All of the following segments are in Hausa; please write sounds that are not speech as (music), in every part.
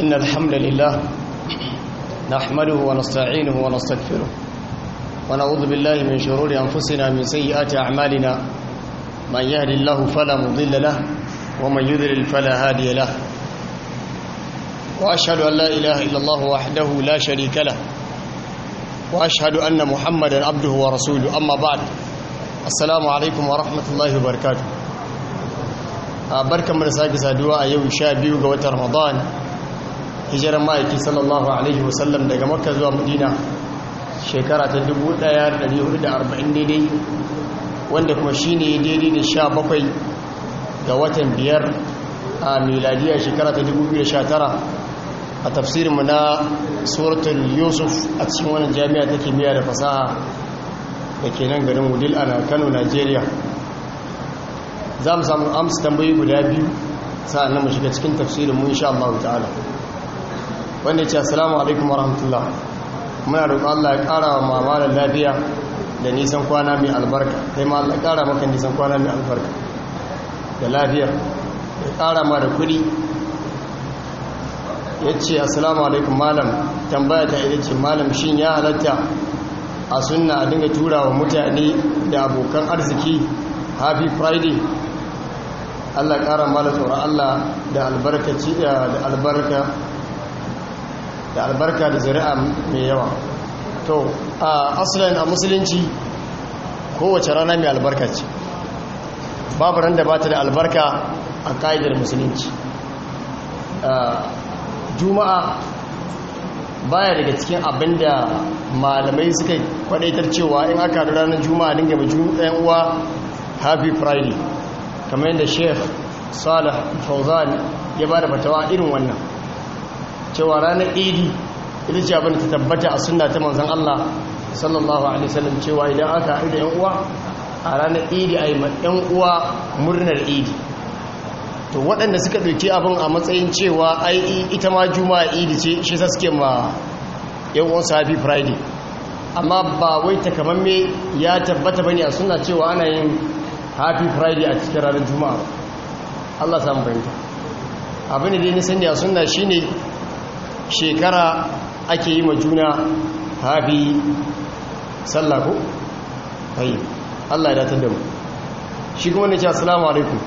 إن الحمد لله نحمده ونستعينه ونستغفره ونعوذ بالله من شرور أنفسنا من سيئات أعمالنا من يهد الله فلا مضل له ومن يذلل فلا هادي له وأشهد أن لا إله إلا الله وحده لا شريك له وأشهد أن محمدا عبده ورسوله أما بعد السلام عليكم ورحمة الله وبركاته barkan آه، من da sake يوم a yau رمضان رمضان hijirar ma'aiki sallallahu alaihi wasallam daga makka zuwa madina shekara ta 1440 daidai wanda kuma shi ne daidai da sha bakwai ga watan biyar a miladiyar shekara ta 2019 a tafsirinmu na suratul yusuf a cikin wani jami'a ta kimiyya da fasaha da ke nan garin wudil a kano nigeria za mu samu amsa tambayi guda biyu sa'an nan mu shiga cikin tafsirin mu insha Allah ta'ala wanda ce assalamu alaikum warahmatullah muna roƙon Allah ya ƙara wa mama da lafiya da nisan kwana mai albarka kai ma Allah ƙara maka nisan kwana mai albarka da lafiya ya ƙara ma da kuɗi ya ce assalamu alaikum malam tambaya ta ita ce malam shi ya halatta a sunna a dinga tura wa mutane da abokan arziki happy friday Allah ƙara mala tsoron Allah da albarka da albarka da albarka da zuri'a mai yawa to a asalin a musulunci kowace rana mai albarka ce babu ran da ba ta da albarka a ƙa'idar musulunci juma'a baya daga cikin abin da malamai suka kwadaitar cewa in aka da ranar juma'a dinga ba ɗayan uwa happy friday kamar yadda sheikh salih fauzan ya ba da fatawa irin wannan cewa ranar idi ita ce abin ta tabbata a suna ta manzan Allah sallallahu alaihi wasallam cewa idan aka haɗu da yan'uwa uwa a ranar idi a yi yan'uwa uwa murnar idi to waɗanda suka ɗauki abin a matsayin cewa ai ita ma juma'a idi ce shi sa suke ma yan'uwan uwansu happy friday amma ba wai takamamme ya tabbata bane a suna cewa ana yin happy friday a cikin ranar juma'a Allah samu fahimta abin da dai na sanya suna suna shine shekara ake yi majuna juna hafi sallah ko ayi Allah ya datar da mu shi kuma ne ce assalamu alaikum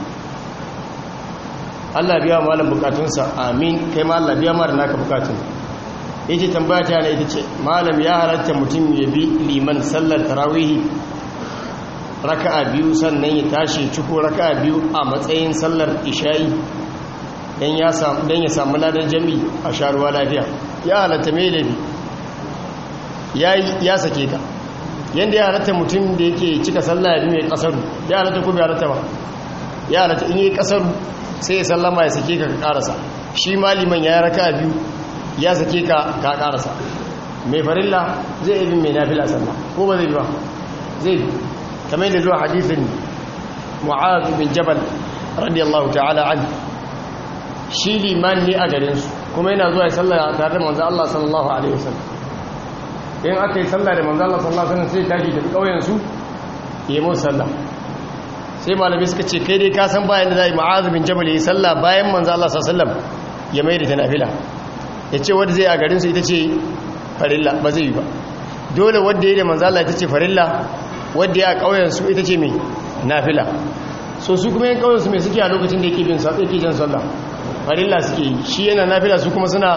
Allah biya malam bukatunsa amin kai ma Allah biya mara naka bukatun yace tambaya ta ne ita ce malam ya halatta mutum ya bi liman sallar tarawih raka'a biyu sannan ya tashi ciko raka'a biyu a matsayin sallar isha'i don ya samu ladar jami a sharuwa lafiya ya halatta mai laifi ya sake ta yadda ya halatta mutum da yake cika sallah ya mai kasaru ya halatta ko bai halatta ba ya halatta in yi kasaru sai ya sallama ya sake ka karasa shi maliman ya raka biyu ya sake ka ka karasa mai farilla zai yi mai nafila sallah ko ba zai ba zai kamar da zuwa hadithin mu'adh bin jabal radiyallahu ta'ala anhu shi liman ne a garinsu kuma yana zuwa ya sallah tare da manzo Allah sallallahu alaihi wasallam in aka yi sallah da manzo Allah sallallahu alaihi wasallam sai tashi da kauyen su yi mun sallah sai malami suka ce kai dai ka san bayan da zai mu'azu bin jabal yi sallah bayan manzo Allah sallallahu alaihi wasallam ya mai da tanafila ya ce wanda zai a garinsu ita ce farilla ba zai yi ba dole wanda yake da manzo Allah ita ce farilla wanda ya a kauyen su ita ce mai nafila so su kuma yan kauyen su mai suke a lokacin da yake bin sa yake jin sallah farilla suke yi shi yana nafila su kuma suna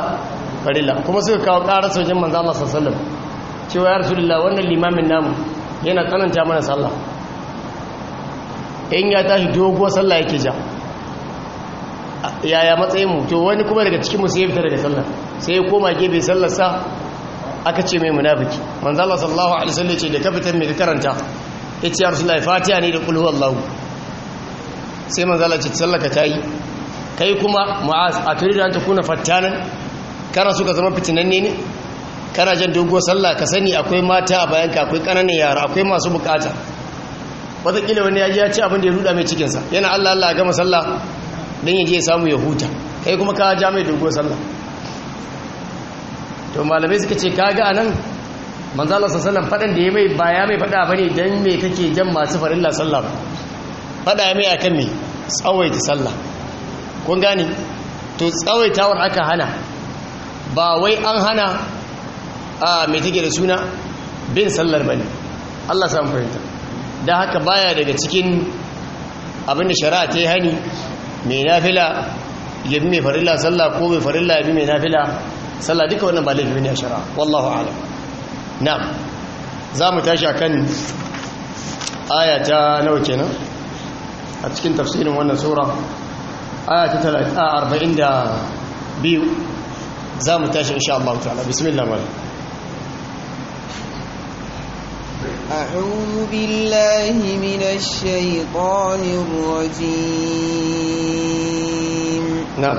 farilla kuma suka kawo ƙarar sojin manzo Allah sallallahu alaihi cewa ya rasulullah wannan limamin namu yana tsananta mana sallah in ya tashi dogo sallah yake ja yaya matsayin mu to wani kuma daga cikin mu sai ya fita daga sallah sai ya koma gefe sallar sa aka ce mai munafiki manzo Allah sallallahu alaihi wasallam ce da ka fitan mai karanta yace ya rasulullahi fatiha ne da kulhu Allahu sai manzo Allah ce sallaka yi. kai kuma mu'az a da an kuna fattanan kana suka zama fitinanne ne kana jan dogon sallah ka sani akwai mata a bayanka akwai ƙananan yara akwai masu bukata wataƙila wani ya ji ya ci abin da ya ruda mai cikinsa yana allah allah gama sallah don ya je ya samu ya huta kai kuma ka ja mai dogo sallah to malamai suka ce kaga a nan manzala sassanan faɗan da ya mai baya mai faɗa ba ne don mai kake jan masu farilla sallah faɗa mai akan mai tsawaita sallah kun gani to tsawaitawar aka hana ba wai an hana a mai take da suna bin sallar bane Allah samu fahimta da haka baya daga cikin abinda shari'a ta yi hani mai nafila ya bi mai farilla sallah ko mai farilla ya bi mai nafila sallah duka wannan ba laifi ne a shari'a wallahu a'lam Na za mu tashi akan aya ta nawa kenan a cikin tafsirin wannan sura آية 42 za آه، إن شاء الله تعالى بسم الله الرحمن أعوذ بالله من الشيطان الرجيم نعم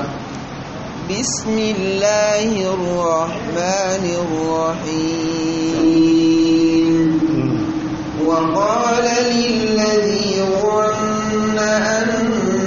بسم الله الرحمن الرحيم وقال للذي ظن أنه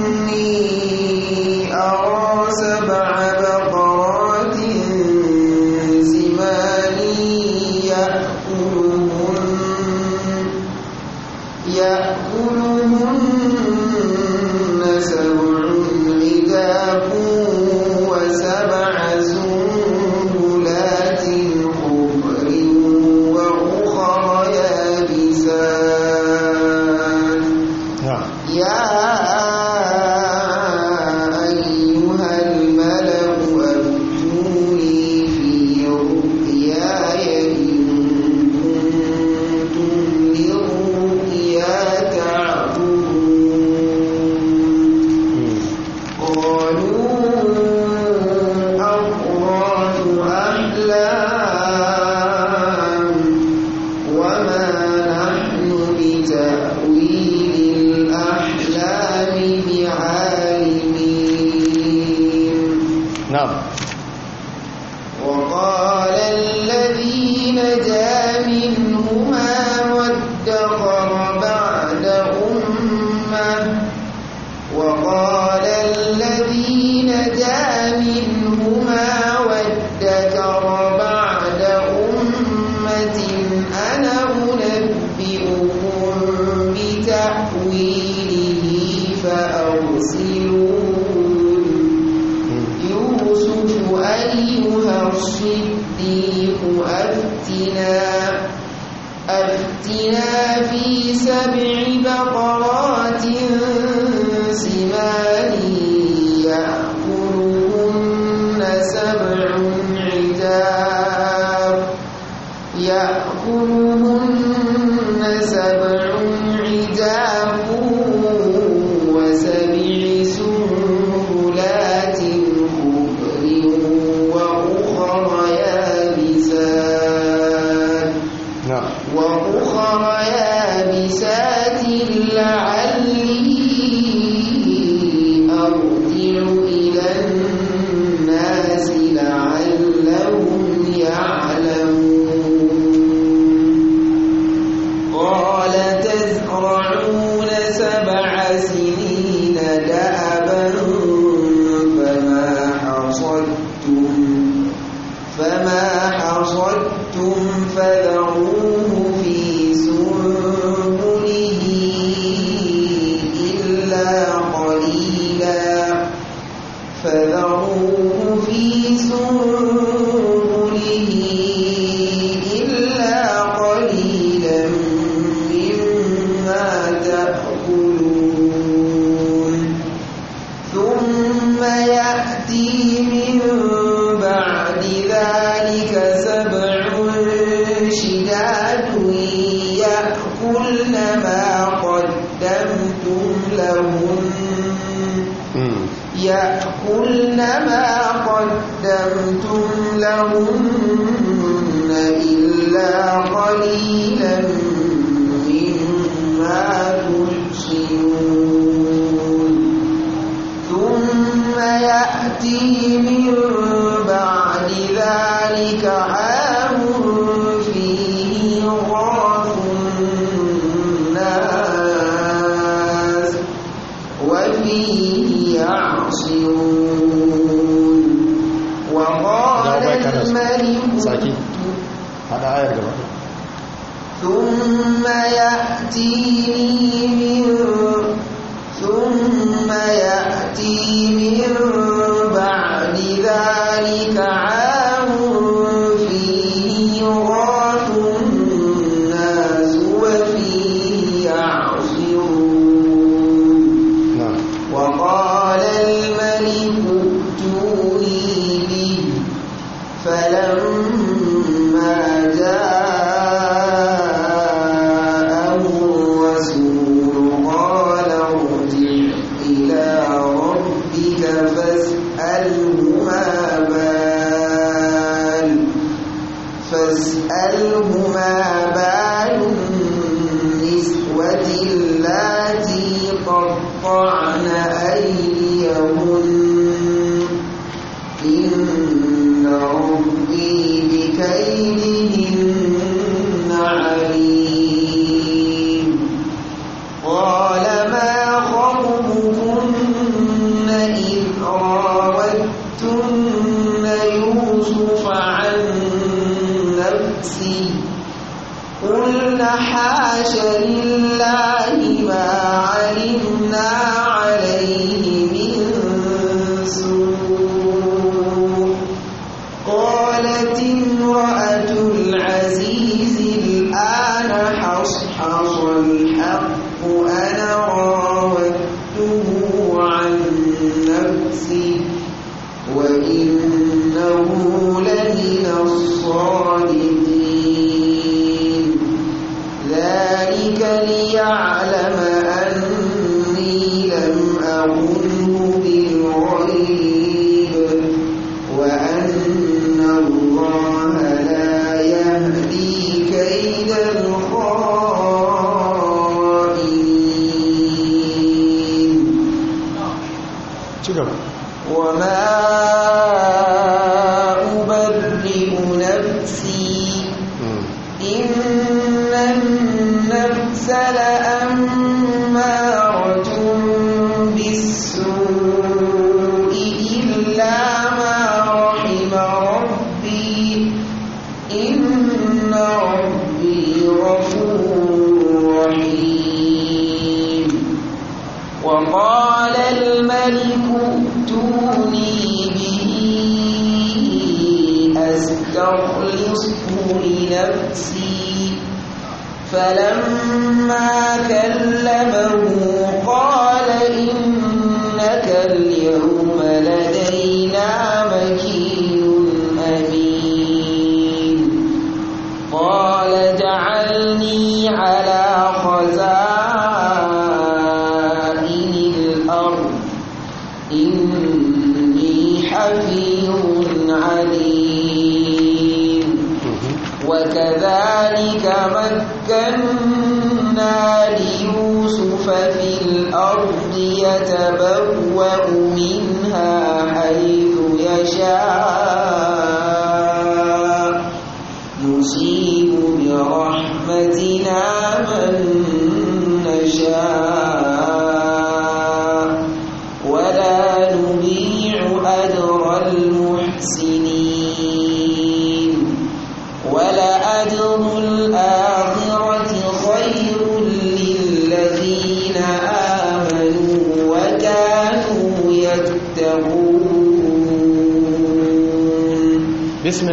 إني أرى سبعا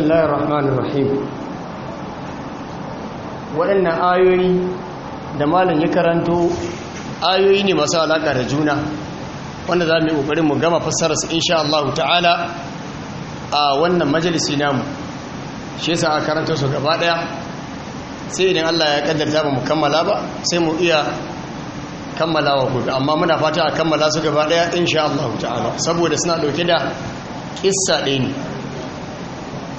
الله الرحمن الرحيم waɗannan ayoyi da malam ya karanto ayoyi ne masu alaƙa da juna wanda za mu yi ƙoƙarin mu gama fassararsu insha Allah ta'ala a wannan majalisi namu shi yasa a karanta su gaba sai idan Allah ya kaddarta ba mu kammala ba sai mu iya kammalawa gobe amma muna fata a kammala su gabaɗaya ɗaya insha Allah ta'ala saboda suna ɗauke da kissa ɗaya ne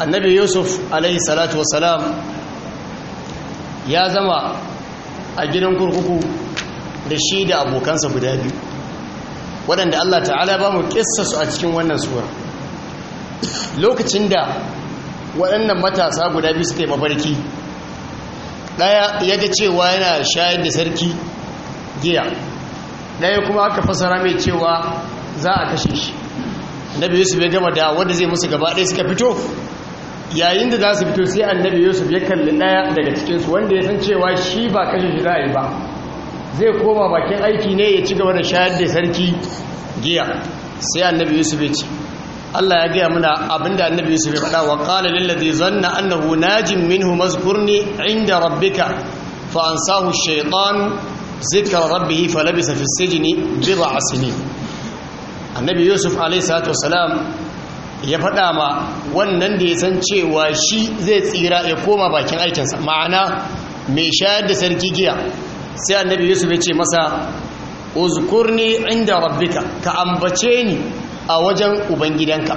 annabi yusuf alaihi salatu wasalam ya zama a gidan kurkuku da shi da abokansa guda biyu waɗanda allah ta'ala ba mu su a cikin wannan suwar lokacin da waɗannan matasa guda biyu suka yi mafarki ɗaya ya ga cewa yana shayar da sarki giya ɗaya kuma aka fasara mai cewa za a kashe shi na biyu su bai gama da wanda zai musu gaba ɗaya suka fito yayin da za su fito sai annabi yusuf ya kalli ɗaya daga cikinsu wanda ya san cewa shi ba kashe shi za a yi ba zai koma bakin aiki ne ya ci gaba da shayar da sarki giya sai annabi yusuf ya ci. Allah ya gaya abin abinda annabi yusuf ya faɗa wa qala lil zanna annahu najin minhu mazkurni inda rabbika fa ansahu shaytan zikra fa falabisa fi sijni bid'a sinin annabi yusuf alayhi salatu wasalam ya faɗa ma wannan da ya san cewa shi zai tsira ya koma bakin aikinsa ma'ana mai shayar da sarki giya sai annabi yusuf ya ce masa uzkurni inda rabbika ka ambace ni a wajen ubangidanka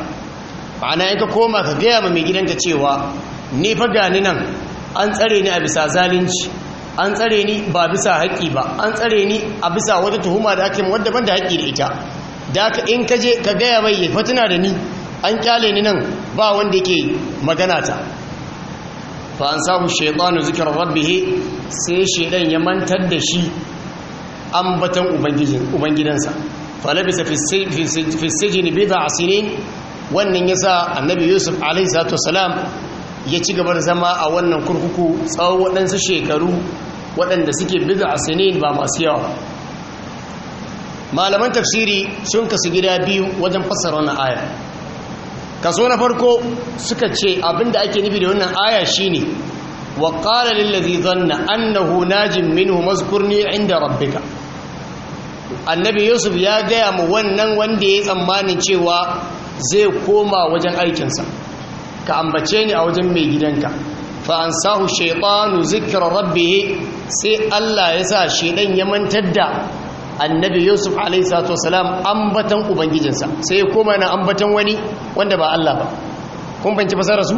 ma'ana in ka koma ka gaya ma mai gidanka cewa ni fa gani nan an tsare ni a bisa zalunci an tsare ni ba bisa haƙƙi ba an tsare ni a bisa wata tuhuma da ake wadda ban da haƙƙi da ita da in ka je ka gaya mai ya fatina da ni an kyale ni nan ba wanda yake magana ta fa an samu shaytanu zikra rabbih sai shaidan ya mantar da shi ambatan ubangijin ubangidansa fa labisa fi sijni fi sinin wannan yasa annabi yusuf alaihi salatu ya ci gaba da zama a wannan kurkuku tsawon waɗansu shekaru waɗanda suke bid'a sinin ba masu yawa malaman tafsiri sun kasu gida biyu wajen fassara wannan aya kaso na farko suka ce abinda ake nufi da wannan aya shine wa qala lil ladhi dhanna annahu najin minhu mazkurni inda rabbika annabi yusuf ya gaya mu wannan wanda ya tsammanin cewa zai koma wajen aikinsa ka ambace ni a wajen mai gidanka fa ansahu shaytanu zikra rabbih sai Allah ya sa shedan ya mantar da annabi yusuf alaihi salatu wasalam ambatan ubangijinsa sai ya koma na ambatan wani wanda ba Allah ba kun banci fasara su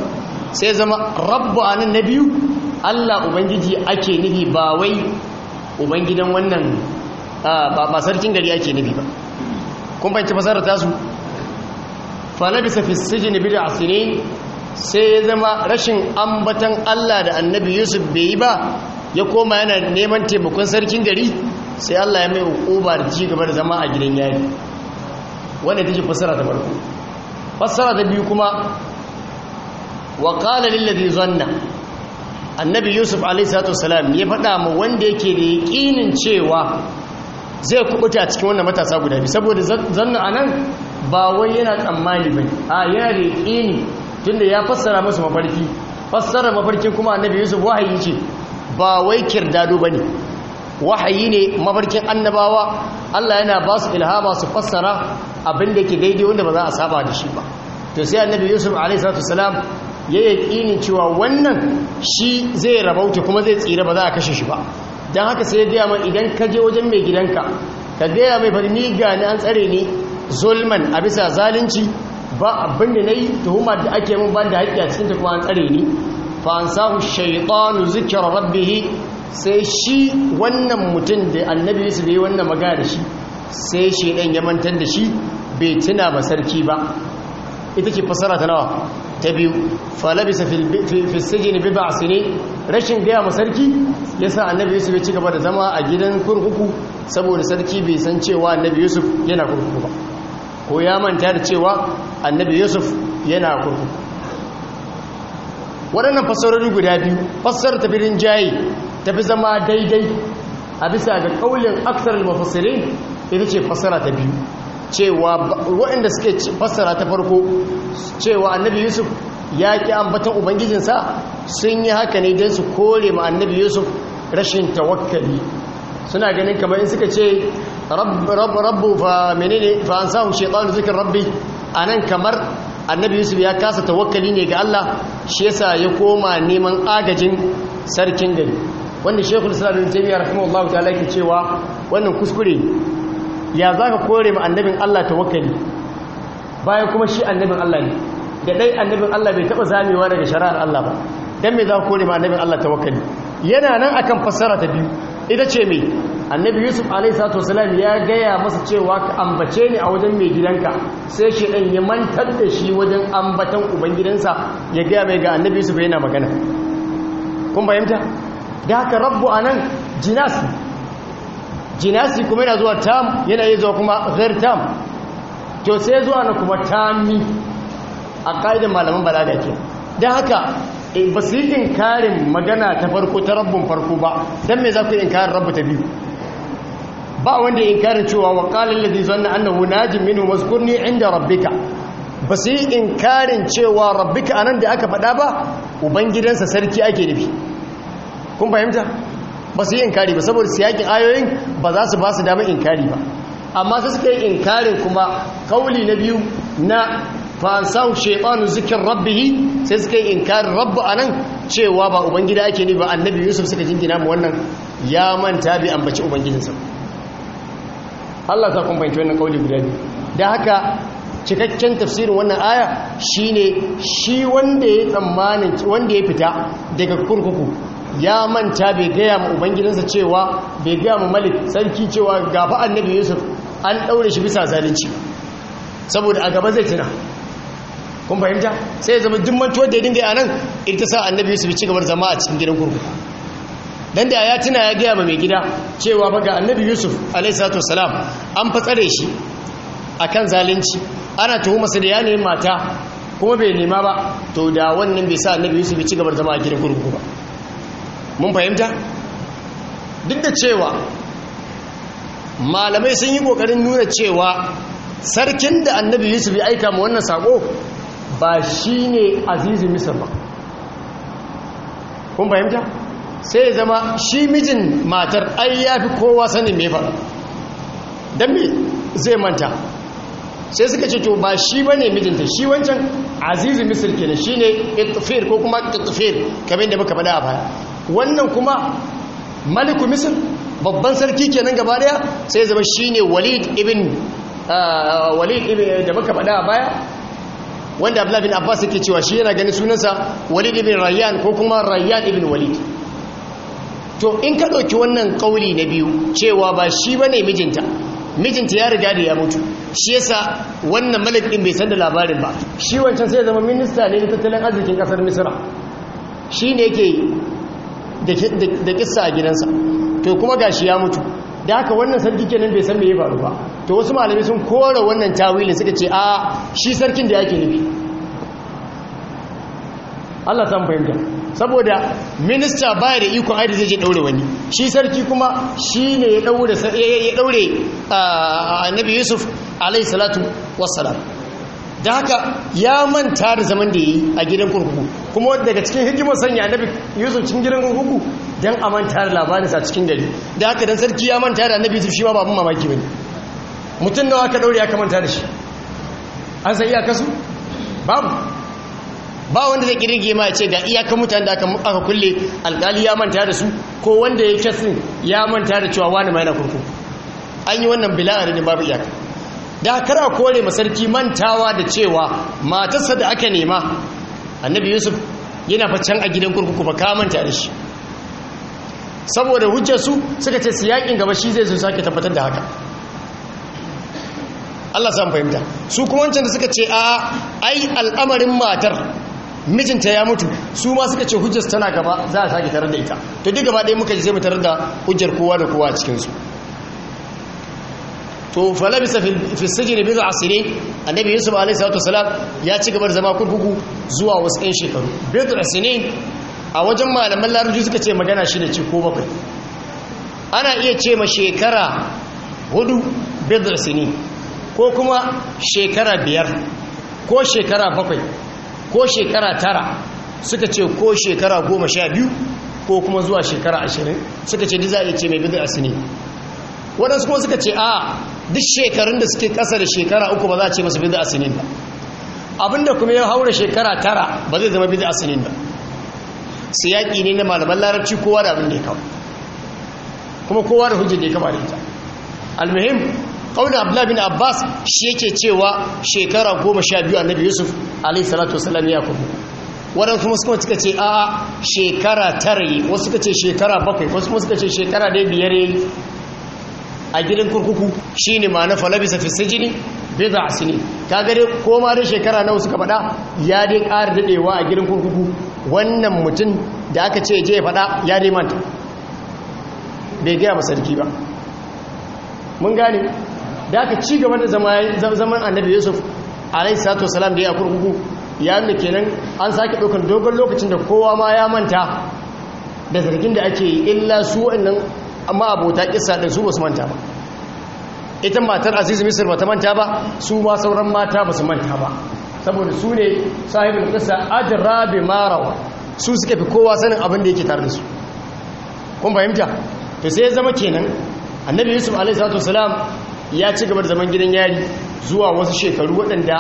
sai zama rabbu anan na biyu Allah ubangiji ake nihi ba wai ubangidan wannan ba sarkin gari ake nihi ba kun banci fasara ta su falabisa fi sijni bi asini sai ya zama rashin ambatan Allah da annabi yusuf bai yi ba ya koma yana neman taimakon sarkin gari sai Allah ya mai hukuba da ci gaba da zama a gidan yari wanda take fassara ta farko fassara ta biyu kuma wa qala lil zanna annabi yusuf alayhi salatu ya faɗa ma wanda yake da yakinin cewa zai kubuta cikin wannan matasa guda biyu saboda zanna anan ba wai yana tsammani bane a yana da yakini tunda ya fassara musu mafarki fassara mafarki kuma annabi yusuf wahayi ce ba wai kirdado bane wahayi ne mabarkin annabawa Allah yana ba su ilhama su fassara abin da yake daidai wanda ba za a saba da shi ba to sai annabi yusuf alaihi salatu wasalam ya yaƙinin cewa wannan shi zai rabauta kuma zai tsira ba za a kashe shi ba don haka sai ya gaya mai idan ka je wajen mai gidanka ka gaya mai faɗi ga ni an tsare ni zulman a bisa zalunci ba abin da na yi tuhuma da ake mun ban da haƙƙi a cikin ta kuma an tsare ni fa an samu shaitanu rabbihi sai shi wannan mutum da annabi su yi wannan magana da shi sai shi ɗan ya mantar da shi bai tuna ba sarki ba ita ke fasara ta nawa ta biyu falabisa fisiji ne biba su ne rashin gaya ma sarki ya sa annabi yusuf ya ci gaba da zama a gidan kurkuku saboda sarki bai san cewa annabi yusuf yana kurkuku ba ko ya manta da cewa annabi yusuf yana kurkuku waɗannan fassarori guda biyu fasarar tafirin jayi tafi zama daidai a bisa ga kaulin aksar mafasiri ita ce fasara ta biyu cewa waɗanda suke fasara ta farko cewa annabi yusuf ya ki ambatan ubangijinsa sun yi haka ne don su kore ma annabi yusuf rashin tawakkali suna ganin kamar in suka ce rabu fa menene fa an sahu shekaru zikr rabbi nan kamar annabi yusuf ya kasa tawakkali ne ga Allah shi yasa ya koma neman agajin sarkin gari wanda shekul islam ibn taymiya rahimahullahu ta'ala yake cewa wannan kuskure ya ka kore ma annabin Allah tawakkali bayan kuma shi annabin Allah ne da dai annabin Allah bai taba zamewa daga shari'ar Allah ba dan me za ka kore ma annabin Allah tawakkali yana nan akan fassara ta biyu ita ce me annabi yusuf alaihissalatu wasalam ya gaya masa cewa ka ambace ni a wajen mai gidanka sai shi ya mantar da shi wajen ambatan ubangidansa ya gaya mai ga annabi yusuf yana magana kun fahimta da haka rabbu a nan jinasi jinasi kuma yana zuwa tam yana yi zuwa kuma zar tam to sai zuwa na kuma tami a ƙa'idin malaman da ke da haka e, ba su yi inkarin magana ta farko ta rabun farko ba don me za ku yi inkarin rabbu ta biyu ba wanda ya inkarin cewa wa ƙalin lalzi zanna annahu najin minu mazkurni inda rabbika ba su yi inkarin cewa rabbika anan da aka faɗa ba ubangidansa sarki ake nufi kun fahimta ba su yi inkari ba saboda siyakin ayoyin ba za su ba su damar inkari ba amma sai suka yi inkarin kuma kauli na biyu na fansahu shaitanu zikin rabbihi sai suka yi inkarin rabbu a nan cewa ba ubangida ake ne ba annabi yusuf suka jingina mu wannan ya manta bi ambaci Ubangidinsa. Allah ta kun fahimci wannan kauli guda biyu da haka cikakken tafsirin wannan aya shine shi wanda ya tsammanin wanda ya fita daga kurkuku ya manta bai gaya ma ubangidansa cewa bai gaya ma malik sarki cewa gafa annabi yusuf an ɗaure shi bisa zalunci saboda a gaba zai tuna kun fahimta sai ya zama duk mantuwar da ya dinga a nan ta sa annabi yusuf ci gaba zama a cikin gidan gurgu dan da ya tuna ya gaya ma mai gida cewa ba ga annabi yusuf alaihi salatu wasalam an fatsare shi akan zalunci ana tuhuma sa da yanayin mata kuma bai nema ba to da wannan bai sa annabi yusuf ci gabar zama a gidan gurgu ba mun fahimta duk da cewa malamai sun yi kokarin nuna cewa sarkin da annabi yusuf ya aika mu wannan sako ba shi ne azizin misir ba kun fahimta sai zama shi mijin matar ai ya fi kowa sanin me don me zai manta sai suka ce to ba shi ba ne mijinta shi wancan azizin misir kenan shi ne ko kuma itufir kamar da muka faɗa a baya wannan kuma maliku misir babban sarki kenan gaba daya sai zama shine walid ibn ah, ah, walid ibn da muka faɗa a baya wanda abu labin abbas yake cewa shi yana gani sunansa walid ibn rayyan ko kuma rayyan ibn walid to in ka ɗauki wannan ƙauli na biyu cewa ba shi ba ne mijinta mijinta ya riga da ya mutu shi yasa wannan malik ɗin bai san da labarin ba shi wancan sai zama minista ne na tattalin arzikin ƙasar misira shi ne yake da kissa a gidansa to kuma gashi ya mutu da haka wannan sarki kenan bai san me ya faru ba to wasu malami sun kora wannan tawilin suka ce a shi sarkin da yake nufi Allah san fahimta saboda minista baya da iko aida zai je daure wani shi sarki kuma shi ne ya daure ya daure annabi Yusuf alaihi salatu wassalam da haka ya manta da zaman da yi a gidan kurkuku kuma daga cikin hikimar sanya annabi yusuf cikin gidan kurkuku don a manta da labarin sa cikin gari da haka don sarki ya manta da annabi yusuf shi ma ba abin mamaki ba ne mutum nawa ka ɗaure ya ka manta da shi an san iyakarsu babu ba wanda zai kirge ma ce ga iyakan mutane da aka kulle alkali ya manta da su ko wanda ya kyasin ya manta da cewa wani ma yana kurku an yi wannan bila a babu iyaka da kara kore masarki mantawa da cewa matarsa da aka nema annabi yusuf yana facen a gidan kurkuku ba kamanta da shi saboda hujjarsu suka ce su yaƙin gaba shi zai zo sake tabbatar da haka Allah san fahimta su kuma wancan da suka ce a ai al'amarin matar mijinta ya mutu su ma suka ce hujjarsu tana gaba za a sake tarar da ita to duk gaba ɗaya muka ce sai mu tarar da hujjar kowa da kowa a cikinsu. to falabisa fi sijini biza asiri annabi yusuf alayhi salatu wasalam ya ci gaba zama kurkuku zuwa wasu ɗan shekaru biza asiri a wajen malaman larabci suka ce magana shi ne ce ko bakwai ana iya ce ma shekara hudu biza asiri ko kuma shekara biyar ko shekara bakwai ko shekara tara suka ce ko shekara goma sha biyu ko kuma zuwa shekara ashirin suka ce za a iya ce mai biza asiri waɗansu kuma suka ce a duk shekarun da suke ƙasa da shekara uku ba za a ce masu bid'a sinin ba abinda kuma ya haura shekara tara ba zai zama bid'a sinin ba yaƙi ne na malaman larabci kowa da abin da ya kawo kuma kowa da hujjar da ya kama da ita almuhim kauna abdullahi bin abbas shi yake cewa shekara goma sha biyu annabi yusuf alaihi salatu wasalam ya kuma waɗansu kuma suka suka ce a'a shekara tara yi wasu suka ce shekara bakwai wasu kuma suka ce shekara ɗaya biyar yi a gidan kurkuku shi ne ma na falabisa fi sijini a sini ta gari ko ma da shekara nawa suka faɗa ya dai ƙara daɗewa a gidan kurkuku wannan mutum da aka ce je faɗa ya dai manta bai gaya ba sarki ba mun gane da aka ci gaba da zaman annabi yusuf alaihi sato salam da ya kurkuku ya nuna kenan an sake ɗaukar dogon lokacin da kowa ma ya manta da zargin da ake yi illa su wannan amma abota kissa din su ba manta ba ita matar aziz misir ba ta manta ba su ma sauran mata ba su manta ba saboda su ne sahibin kissa ajra bi marawa su suka fi kowa sanin abin da yake tare da su kun fahimta to sai ya zama kenan annabi yusuf alaihi salatu ya ci gaba da zaman gidan yari zuwa wasu shekaru waɗanda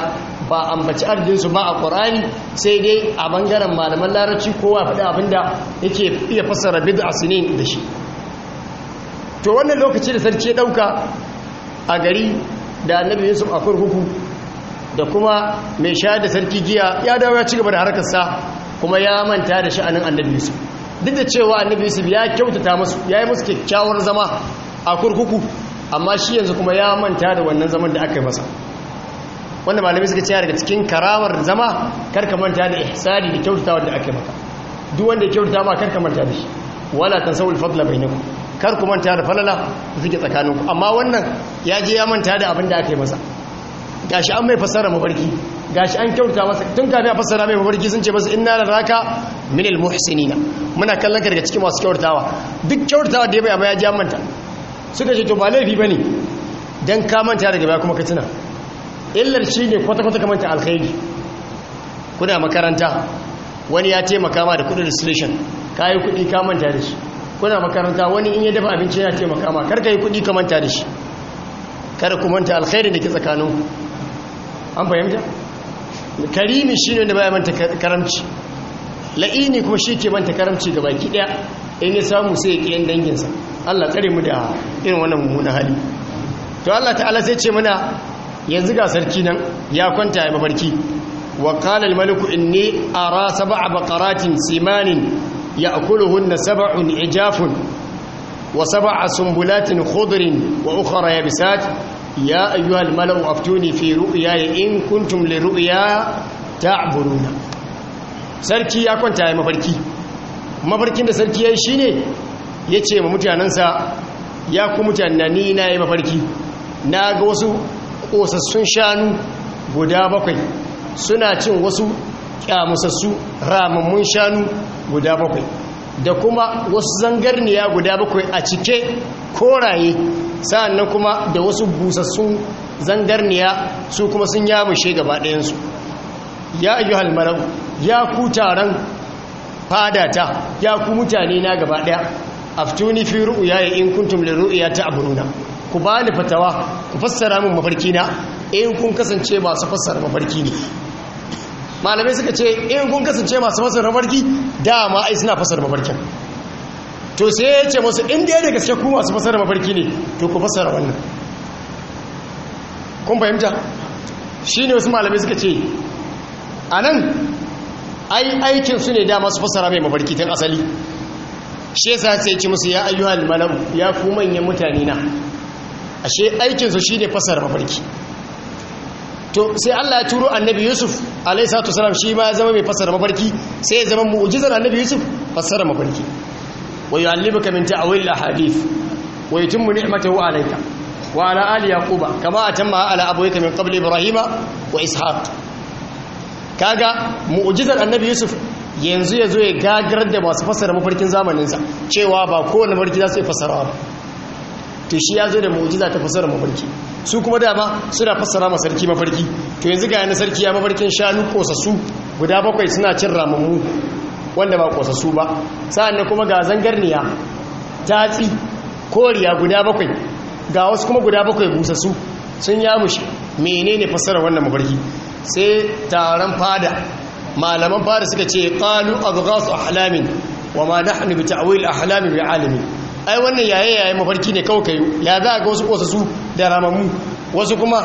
ba ambaci su ba a ƙorani sai dai a bangaren malaman larabci kowa faɗi abinda yake iya fassara bid'a sinin da shi to wannan lokaci da sarki ya dauka a gari da annabi yusuf a kurkuku da kuma mai shayar da sarki giya ya dawo ya ci gaba da harkarsa kuma ya manta da sha'anin annabi yusuf duk da cewa annabi yusuf ya kyautata musu ya yi musu kyakkyawar zama a kurkuku amma shi yanzu kuma ya manta da wannan zaman da aka yi masa wanda malamai suka cewa daga cikin karamar zama karka manta da ihsani da kyautatawa da aka yi maka duk wanda ya kyautata ma karka manta da shi wala tansawul fadla bainakum kar ku manta da falala ku fike tsakaninku amma wannan ya je ya manta da abin da aka yi masa gashi an mai fassara mabarki gashi an kyauta masa tun kafin a fassara mai mabarki sun ce masa inna la raka min al muhsinina muna kallon ka daga cikin masu kyautawa duk kyautawa da ya bai amma ya je an manta suka ce to ba laifi bane dan ka manta daga baya kuma ka tuna illar shi ne kwata-kwata ka manta alkhairi kuna makaranta wani ya taimaka ma da kudin solution kayi kudi ka manta da shi kuna makaranta wani in ya dafa abinci yana taimaka ma kar yi kuɗi ka manta da shi kada ku manta alkhairi da ke tsakaninku an fahimta karimi shi ne da baya manta karamci la'ini kuma shi ke manta karamci ga baki ɗaya in ya samu sai ya kiyan danginsa allah tsare mu da irin wannan mummuna hali to allah ta'ala sai ce mana yanzu ga sarki nan ya kwanta ya mafarki wa qala al-maliku inni ara sab'a baqaratin simanin يأكلهن سبع عجاف وسبع سنبلات خضر وأخرى يبسات يا أيها الملأ أفتوني في رؤياي إن كنتم لرؤيا تعبرون sarki ya kwanta ya mafarki mafarkin da sarki ya yi shi ne ya ce ma mutanensa ya ku mutanen na yi mafarki na ga wasu ƙosassun shanu guda bakwai suna cin wasu kyamusassu ramammun shanu guda bakwai da kuma wasu zangarniya guda bakwai a cike koraye sa'annan kuma da wasu busassun zangarniya su kuma sun yamushe gaba ɗayansu ya ayyu halmarau ya ku taron fadata ya ku mutane na gaba ɗaya aftuni fi ru'ya ya in kuntum li ru'ya ta abruna ku bani fatawa ku fassara min mafarki na in eh, kun kasance masu fassara mafarki ne malamai suka ce in eh, kun kasance masu masu mafarki dama ai suna fasar mafarkin to sai ya ce masu in dai da gaske ku masu fasar mafarki ne to ku fasara wannan kun fahimta shi ne wasu malamai suka ce a nan ai aikin su ne dama su fasara mai mafarki tun asali shi ya sa ce musu ya ayyuhal malam ya ku manyan mutane na ashe aikinsu shi shine fasara mafarki to sai Allah ya turo annabi Yusuf alaihi salatu wasalam shi ma ya zama mai fassara mafarki sai ya zama mu'jizar annabi Yusuf fassara mafarki wa yu'allimuka min ta'awil ahadith wa yutimmu ni'matahu alayka wa ala ali yaquba kama atamma ala abawayka min qabli ibrahima wa ishaq kaga mu'jizar annabi Yusuf yanzu ya zo ya gagar da masu fassara mafarkin zamanin sa cewa ba kowane mafarki za su yi fassara ba to shi ya da mu'jiza ta fassara mafarki su kuma dama suna fassara ma sarki mafarki to yanzu ga yana sarki ya mafarkin shanu kosassu guda bakwai suna cin ramammu wanda ba kosassu ba sa'annan kuma ga zangarniya tatsi koriya guda bakwai ga wasu kuma guda bakwai busassu sun yamushe menene fassara wannan mafarki sai taron fada malaman fada suka ce qalu abghasu ahlamin wa ma nahnu bi ta'wil ahlamin bi alamin ai wannan yaye yaye mafarki ne kawai kayo ya za ga wasu kosassu da ramammu wasu kuma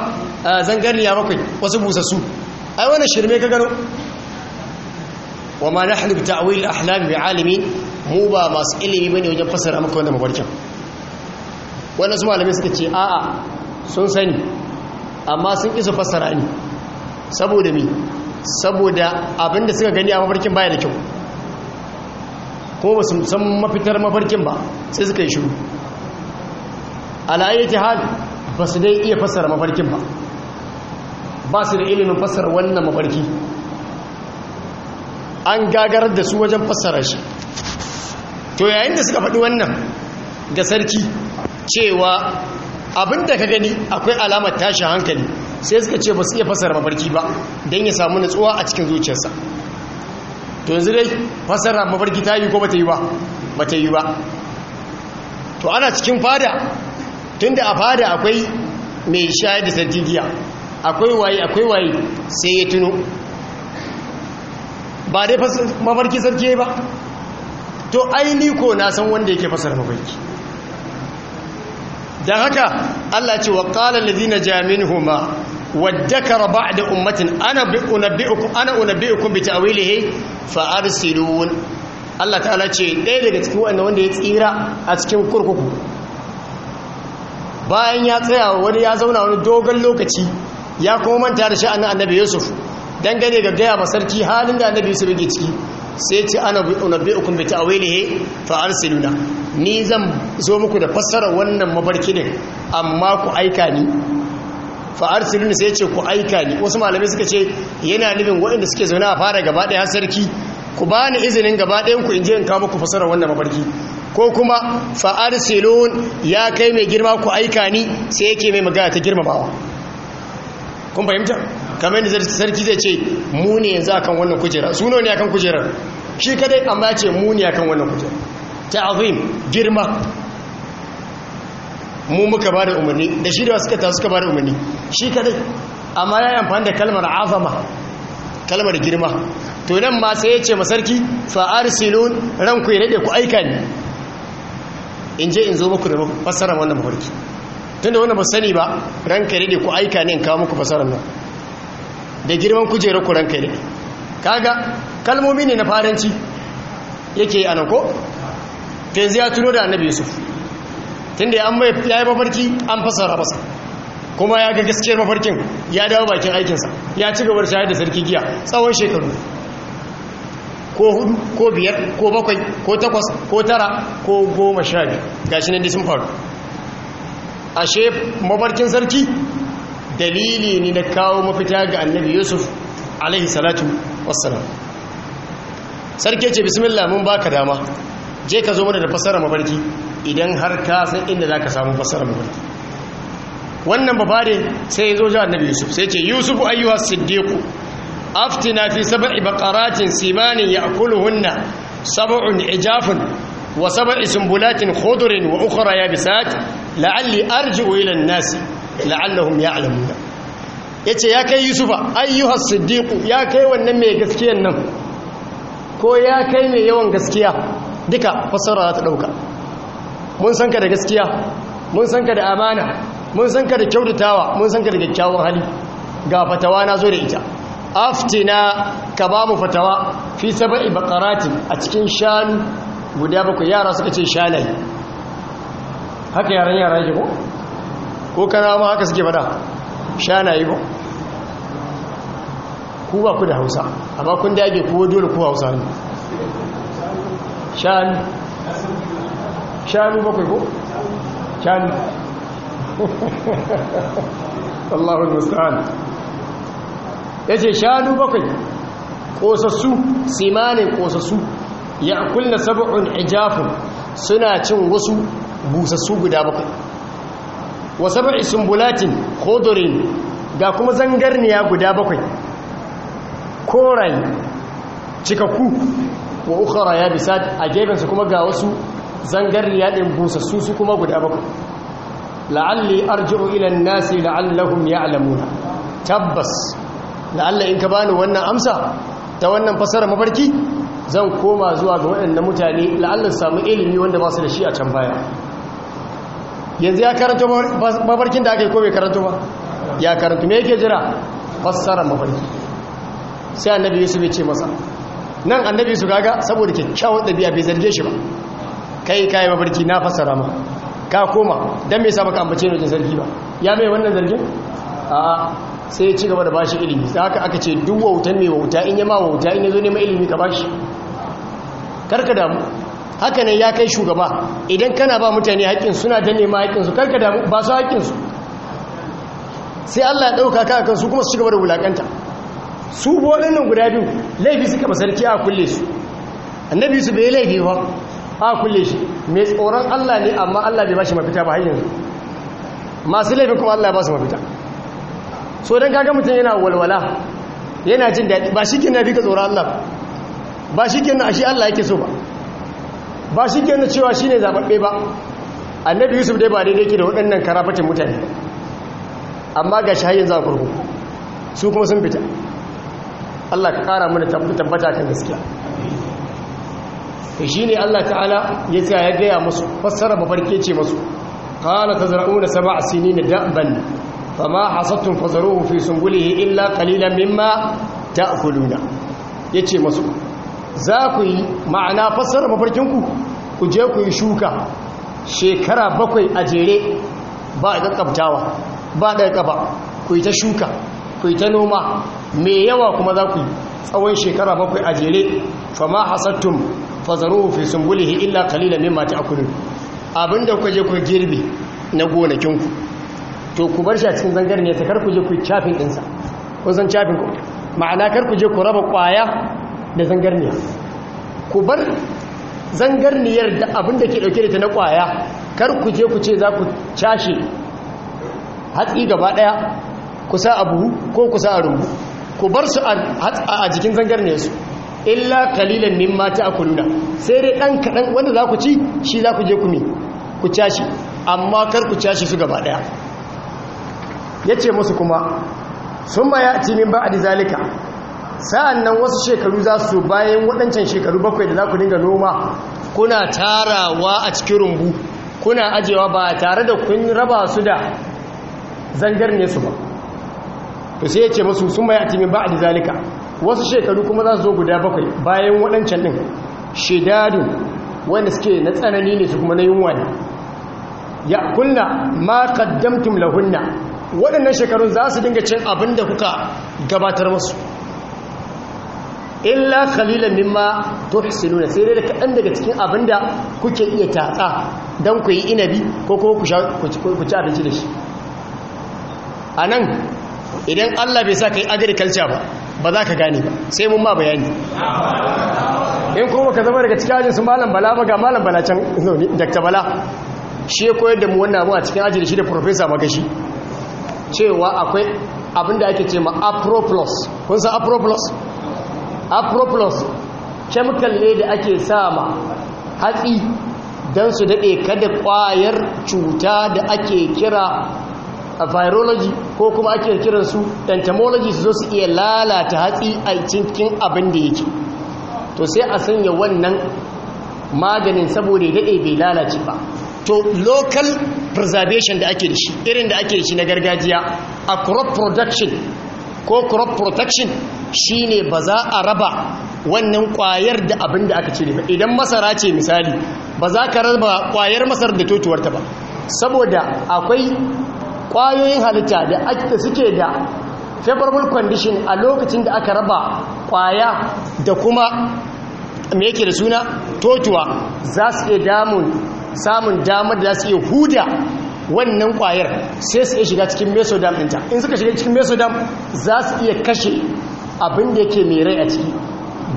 ya bakwai wasu busassu ai wannan shirme ka gano wa ma nahnu bi ta'wil ahlam bi alimi mu ba masu ilimi bane wajen fassara maka wannan mafarkin wannan su malamai suka ce a'a sun sani amma sun iso fassara ni saboda me saboda abinda suka gani a mafarkin baya da kyau ko ba su san mafitar mafarkin ba sai suka yi shiru ala'ayyar hal ba su dai iya fassara mafarkin ba ba su da ilimin fassara wannan mafarki an gagarar da su wajen fassara shi to yayin da suka faɗi wannan ga sarki cewa abinda ka gani akwai alamar tashin hankali sai suka ce ba su iya fassara mafarki ba don ya samu natsuwa a cikin zuciyarsa to yanzu dai fasara mafarki ta yi ko bata yi ba bata yi ba to ana cikin fada tunda a fada akwai mai shayar da santigiya akwai waye akwai waye sai ya tuno ba dai mafarki sarki ba to aini ko na san wanda yake fasar mafarki don haka allah ce wa ƙalar lalzina jami'in homa وادكر بعد أمة أنا أنبئكم أنا أنبئكم بتأويله فأرسلون الله تعالى ce ɗaya daga cikin wannan wanda ya tsira a cikin kurkuku bayan ya tsaya wani ya zauna wani dogon lokaci ya kuma manta da sha'anin annabi Yusuf dangane ga gaya sarki halin da annabi Yusuf yake ciki sai ce ana unabbi'ukum bi ta'wilihi fa arsiluna ni zan zo muku da fassara wannan mabarki amma ku aika ni fa'ar sai ce ku aika ni wasu malamai suka ce yana nufin waɗanda suke zaune a fara gaba ɗaya sarki ku ba ni izinin gaba ɗayan ku in je in kawo muku fasara wannan mafarki ko kuma fa'ar ya kai mai girma ku aika ni sai yake mai magana ta girmamawa kun fahimta kamar yadda sarki zai ce mu ne yanzu akan wannan kujera suno ne akan kujerar shi kadai amma ya ce mu ne akan wannan kujera ta azim girma mu muka ba da umarni da shi da suka kata suka ba da umarni shi kadai amma ya yi amfani da kalmar azama kalmar girma to nan ma sai ya ce masarki fa'ar silon ranku ya daɗe ku aika ne in je in zo muku da fasara wannan mafarki tun da wannan ba sani ba ranka ya daɗe ku aika ne in kawo muku fasara nan da girman kujerar ku ranka ya daɗe kaga kalmomi ne na faranci yake anan ko to yanzu ya tuno da annabi yusuf Tun ya mai ya yi mafarki an fasara masa kuma ya ga gaskiyar mafarkin ya dawo bakin aikinsa ya ci gaba shayar da sarki giya tsawon shekaru ko hudu ko biyar ko bakwai ko takwas ko tara ko goma sha biyu ga shi ne disin faru ashe mafarkin sarki dalili ne na kawo mafita ga annabi yusuf alaihi salatu wassalam sarki ce bismillah mun baka dama je ka zo mana da fassara mafarki idan har ka san inda za ka samu fasarar mafarki wannan babare sai ya zo ji annabi yusuf sai ce yusuf ayyuha afti na fi sab'i baqaratin simanin ya'kuluhunna sab'un ijafun wa sab'i sumbulatin hudurin wa ya bisa la'alli arji'u ila an la'allahum ya'lamuna yace ya kai yusufa ayyuha siddiku ya kai wannan mai gaskiyan nan ko ya kai mai yawan gaskiya duka fasara ta ɗauka. mun san ka da gaskiya mun san ka da amana mun san ka da kyautatawa mun san ka da kyakkyawan hali ga fatawa na zo da ita aftina ka ba mu fatawa fi saba'i baqaratin a cikin shanu guda bakwai yara suka ce shalai haka yaran yara yake ko ko kana ma haka suke fada shanaye ko ku ba ku da Hausa amma kun dage ku dole ku Hausa ne shanu shanu bakwai ko shanu Allahu Ya ce shanu bakwai ƙosassu simanin ƙosassu ya kulle sab'un ijafin suna cin wasu busassu guda bakwai wa sab'i sumbulatin khudurin ga kuma zangarniya guda bakwai korai cikakku wa ukhra ya bisat a gefensa kuma ga wasu zangarniya din busa su su kuma guda bakwai la'alli arji'u ilan an-nasi la'allahum ya'lamuna tabbas la'alla in ka bani wannan amsa ta wannan fasara mafarki zan koma zuwa ga waɗannan mutane la'allan samu ilimi wanda ba su da shi a can baya yanzu ya karanta mafarkin da aka yi ko bai karanta ba ya karanta me yake jira fassara mafarki sai annabi yusuf ya ce masa nan annabi su gaga saboda kyakkyawar ɗabi'a bai zarge shi ba kai kai mafarki na fasara ma ka koma dan me yasa baka ambace ni wajen sarki ba ya mai wannan zargin a'a sai ya ci gaba da bashi ilimi haka aka ce duk wautan mai wauta in ya ma wauta in ya zo neman ilimi ka bashi karka damu haka ne ya kai shugaba idan kana ba mutane haƙƙin suna ta nema haƙƙinsu karka damu ba su haƙƙinsu sai Allah ya ɗauka ka kan su kuma su ci gaba da wulaƙanta su nan guda biyu laifi suka ba sarki a kulle su annabi su bai laifi ba a kulle shi mai tsoron Allah ne amma Allah bai ba shi mafita ba hanyar masu laifin kuma Allah ba su mafita so don kaga mutum yana walwala yana jin daɗi ba shi ke na fi ka tsoron Allah ba shi ke na shi Allah yake so ba ba shi ke na cewa shi ne zaɓaɓɓe ba annabi yusuf dai ba daidai ke da waɗannan karafatin mutane amma ga shi hanyar a su kuma sun fita Allah ka ƙara mana tabbata kan gaskiya shi shine Allah ta'ala ya tsaya ya gaya musu fassara mafarki ce musu zara'u tazra'una sab'a na da'ban fama hasattum fazaruhu fi sungulihi illa qalilan mimma ta'kuluna yace musu za ku yi ma'ana fassara mafarkinku ku je ku yi shuka shekara bakwai a jere ba a kakkabtawa ba da kaba ku yi ta shuka ku yi ta noma mai yawa kuma za ku yi tsawon shekara bakwai a jere fama hasattun fazaruhu fi sungulihi illa qalilan mimma ta'kulun abinda ku je ku girbi na gonakinku to ku bar shi a cikin zangar ne ta kar ku je ku chafin din sa ko san chafin ku ma'ana kar ku je ku raba kwaya da zangarniya ku bar zangarniyar da abinda ke dauke da ta na kwaya kar ku je ku ce za ku cashe hatsi gaba daya ku sa a buhu ko ku sa a ku bar su a jikin ne su illa kalilan a ta'kuluna sai dai ɗan kaɗan wanda za ku ci shi za ku je ku mi ku cashi amma kar ku cashi su gaba daya yace musu kuma summa ya'ti min ba'di zalika sa'annan wasu shekaru za su bayan waɗancan shekaru bakwai da za ku dinga noma kuna tarawa a cikin rumbu kuna ajewa ba tare da kun raba su da zangar ne su ba to sai yace musu summa ya'ti min ba'di zalika wasu shekaru kuma za su zo guda bakwai bayan waɗancan ɗin shidadu wanda suke na tsanani ne su kuma na yunwa ne ya kunna ma kaddamtum lahunna waɗannan shekarun za su dinga cin abin da kuka gabatar masu illa khalilan mimma tuhsinuna sai dai kaɗan daga cikin abinda kuke iya tatsa don ku yi inabi ko ko ku ci abinci da shi anan idan allah bai sa ka yi agriculture ba ba za ka gane ba sai mun ma bayani in kuma ka zama daga cikin ajin su malam bala ba malam bala can zaune dr bala shi ya koyar da mu wannan abu a cikin ajin shi da profesa magashi cewa akwai abin da ake ce ma aproplus kun san aproplus aproplus chemical ne da ake sa ma hatsi don su daɗe kada ƙwayar cuta da ake kira a virology ko kuma ake kiransu entomology su zo su iya lalata hatsi a cikin abin da yake to sai a sanya wannan maganin saboda ya daɗe bai lalace ba to local preservation da ake da shi irin da ake da shi na gargajiya a crop production ko crop protection ne ba za a raba wannan kwayar da abin da aka cire ba idan masara ce misali ba za ka raba kwayar masar da totuwarta ba saboda akwai Kwayoyin halitta da ake suke da favorable condition a lokacin da aka raba ƙwaya da kuma me yake da suna totuwa za su iya damun samun damar da za su iya huda wannan ƙwayar sai su iya shiga cikin mesodam ɗinta in suka shiga cikin mesodam za su iya kashe abin da yake mai rai a ciki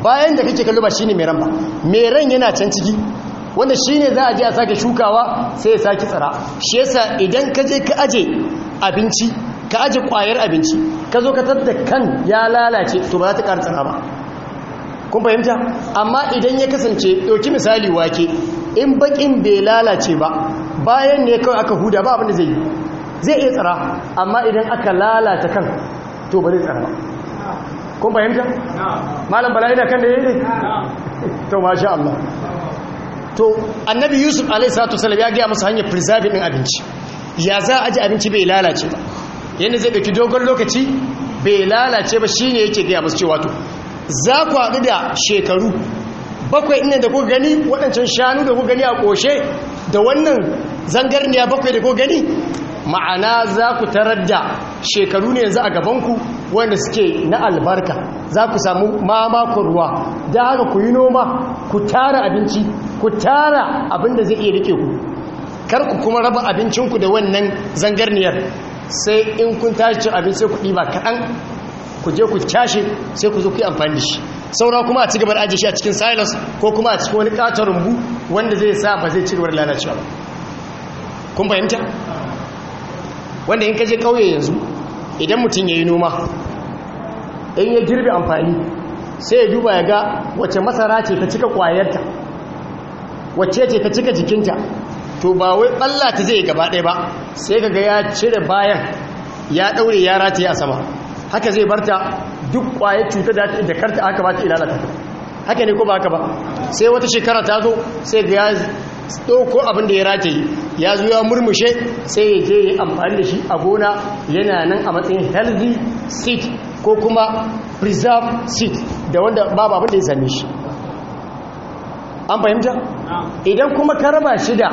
bayan da kake kallo ba shine mai ran ba mai ran yana can ciki wanda ne za a je a sake shukawa sai ya sake tsara shi yasa idan ka je ka aje abinci ka aje kwayar abinci ka zo ka tattar kan ya lalace to ba za ta ƙara ba kun fahimta amma idan ya kasance ɗauki misali wake in bakin bai lalace ba bayan ne kawai aka huda ba abin da zai yi zai iya tsara amma idan aka lalata kan to ba zai tsara kun fahimta? malam bala ina kan da yi ne? to masha Allah to annabi yusuf wasallam ya gaya musu hanyar preserving ɗin abinci ya za a ji abinci bai lalace ba yanda zai ɗauki dogon lokaci bai lalace ba shine yake gaya musu cewa to za ku haɗu da shekaru bakwai ina da ku gani waɗancan shanu da ku gani a ƙoshe da wannan zangarniya bakwai da ku gani ma'ana za ku tarar da shekaru ne yanzu a gabanku wanda suke na albarka za ku samu mamakon ruwa da haka ku yi noma ku tara abinci ku tara abinda zai iya rike ku kar ku kuma raba abincin ku da wannan zangarniyar sai in kun tashi cin abin sai ku ɗiba kaɗan ku je ku cashe sai ku zo ku yi amfani shi saura kuma a ci da ajiye shi a cikin silos ko kuma a cikin wani ƙaton rumbu wanda zai sa ba zai ci da lalacewa ba kun fahimta wanda in ka je ƙauye yanzu idan mutum ya yi noma in ya girbi amfani sai ya duba ya ga wace masara ce ta cika ƙwayarta wacce ce ta cika jikinta to ba wai balla ta zai gaba ɗaya ba sai kaga ya cire bayan ya ɗaure ya rataye a sama haka zai barta duk ƙwayar cuta da karta aka ba ta ilalata haka ne ko ba haka ba sai wata shekara ta zo sai ga ya ɗauko abin da ya rataye ya zo ya murmushe sai ya je ya amfani da shi a gona yana nan a matsayin healthy seed ko kuma preserved seed da wanda babu abin da ya same shi an fahimta idan kuma ka raba shi da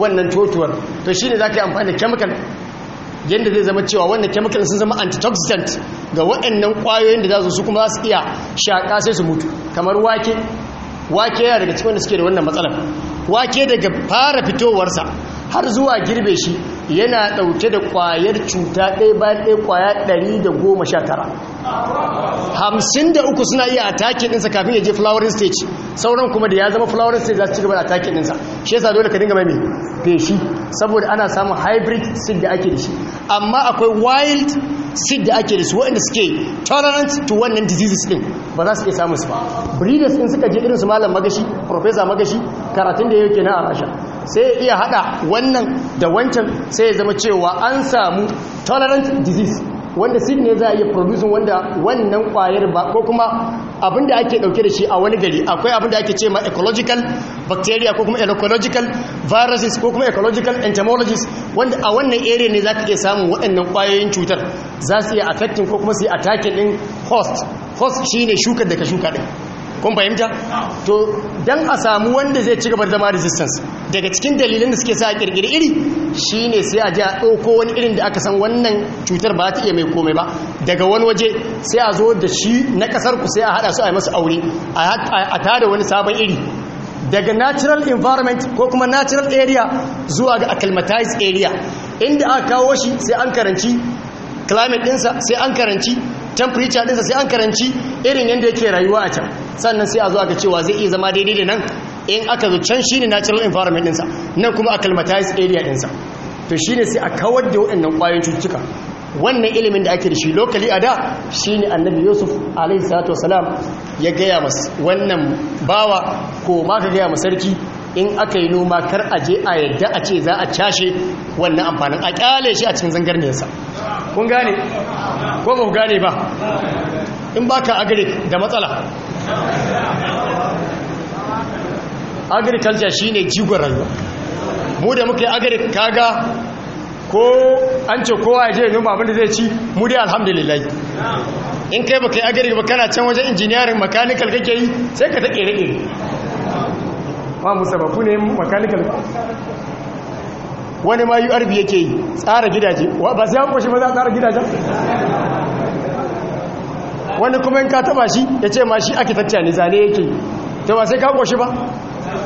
wannan totuwar to shine za ka yi amfani da chemical yadda zai zama cewa wannan chemical sun zama antitoxicant ga waɗannan ƙwayoyin da za su kuma za su iya shaƙa sai su mutu kamar wake wake yana daga cikin wanda suke da wannan matsalar wake daga fara fitowarsa har zuwa girbe shi yana ɗauke da kwayar cuta ɗaya bayan ɗaya kwaya ɗari da goma sha tara hamsin da uku suna iya attacking ɗinsa kafin ya je flowering stage sauran kuma da ya zama flowering stage za su ci gaba da attacking ɗinsa shi yasa dole ka dinga mai feshi saboda ana samun hybrid seed da ake da shi amma akwai wild seed da ake da su waɗanda suke tolerant to wannan diseases ɗin ba za su iya samun su ba breeders in suka je irin su malam magashi professor magashi karatun da yau kenan a rasha sai ya iya hada wannan da wancan sai ya zama cewa an samu tolerant disease wanda sin ne za a iya producing wanda wannan kwayar ba ko kuma abin da ake dauke da shi a wani gari akwai abin da ake ce ma ecological bacteria ko kuma ecological viruses ko kuma ecological entomologies wanda a wannan area ne za ka iya samun waɗannan kwayoyin cutar za su iya affecting ko kuma su yi attacking din host host shi ne shukar da ka shuka ɗin. kun fahimta to dan a samu wanda zai ci gaba da zama resistance daga cikin dalilin da suke sa a kirkiri iri shine sai a ji a ɗauko wani irin da aka san wannan cutar ba ta iya mai komai ba daga wani waje sai a zo da shi na ƙasar ku sai a haɗa su a yi masu aure a tada wani sabon iri daga natural environment ko kuma natural area zuwa ga acclimatized area inda aka kawo shi sai an karanci climate ɗinsa sai an karanci temperature ɗinsa sai an karanci irin yadda yake rayuwa a can sannan sai a zo aka cewa zai iya zama daidai da nan in aka zo can shine natural environment ɗinsa nan kuma acclimatized area ɗinsa to shine sai a kawar da waɗannan ƙwayoyin cututtuka wannan ilimin da ake da shi lokali a da shi ne annabi yusuf a.s.w. ya gaya masu wannan bawa ko ma ka gaya sarki in aka yi noma kar a je a yadda a ce za a cashe wannan amfanin a kyale shi a cikin zangarniyarsa kun gane ko ba ku gane ba in baka ka da matsala agriculture shine jigon rayuwa mu da muke agric kaga ko an ce kowa ya je yi numba abinda zai ci mu dai alhamdulillah in kai baka yi agric ba kana can wajen engineering mechanical kake yi sai ka ta kere kere ma musa ba ku ne mechanical wani ma URB yake yi tsara gidaje ba sai an koshi ba za a tsara gidajen wani kuma ka taba shi ya ce ma shi tattiya ne zane yake ta ba sai kakwashi ba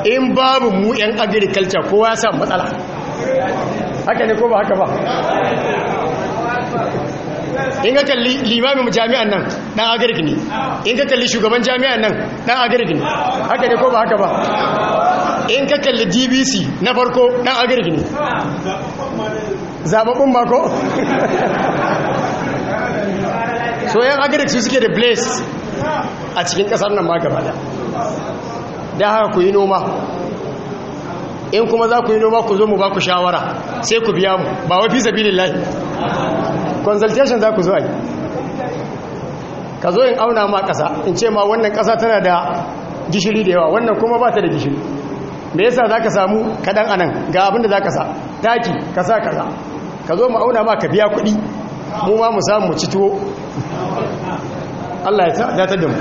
in babu mu yan agriculture kowa ya samu matsala haka ne ko ba haka ba in ka kalli limamin jami'an nan dan agirik ne in ka kalli shugaban jami'an nan dan agirik ne haka ne ko ba haka ba in ka kalli dbc na farko dan agirik ne zababbun ba ko (laughs) so yan agada suke da blaze a cikin kasar nan ma gaba da da haka ku yi noma in kuma za ku yi noma ku zo mu ba ku shawara sai ku biya mu ba wafi zabi lillahi consultation za ku zo ai ka zo in auna ma ƙasa in ce ma wannan kasa tana da gishiri da yawa wannan kuma ba ta da gishiri me yasa za ka samu kaɗan anan ga abin da za ka sa taki ka sa kaza ka zo mu auna ma ka biya kuɗi mu ma mu samu mu ci tuwo Allah ya datar da mu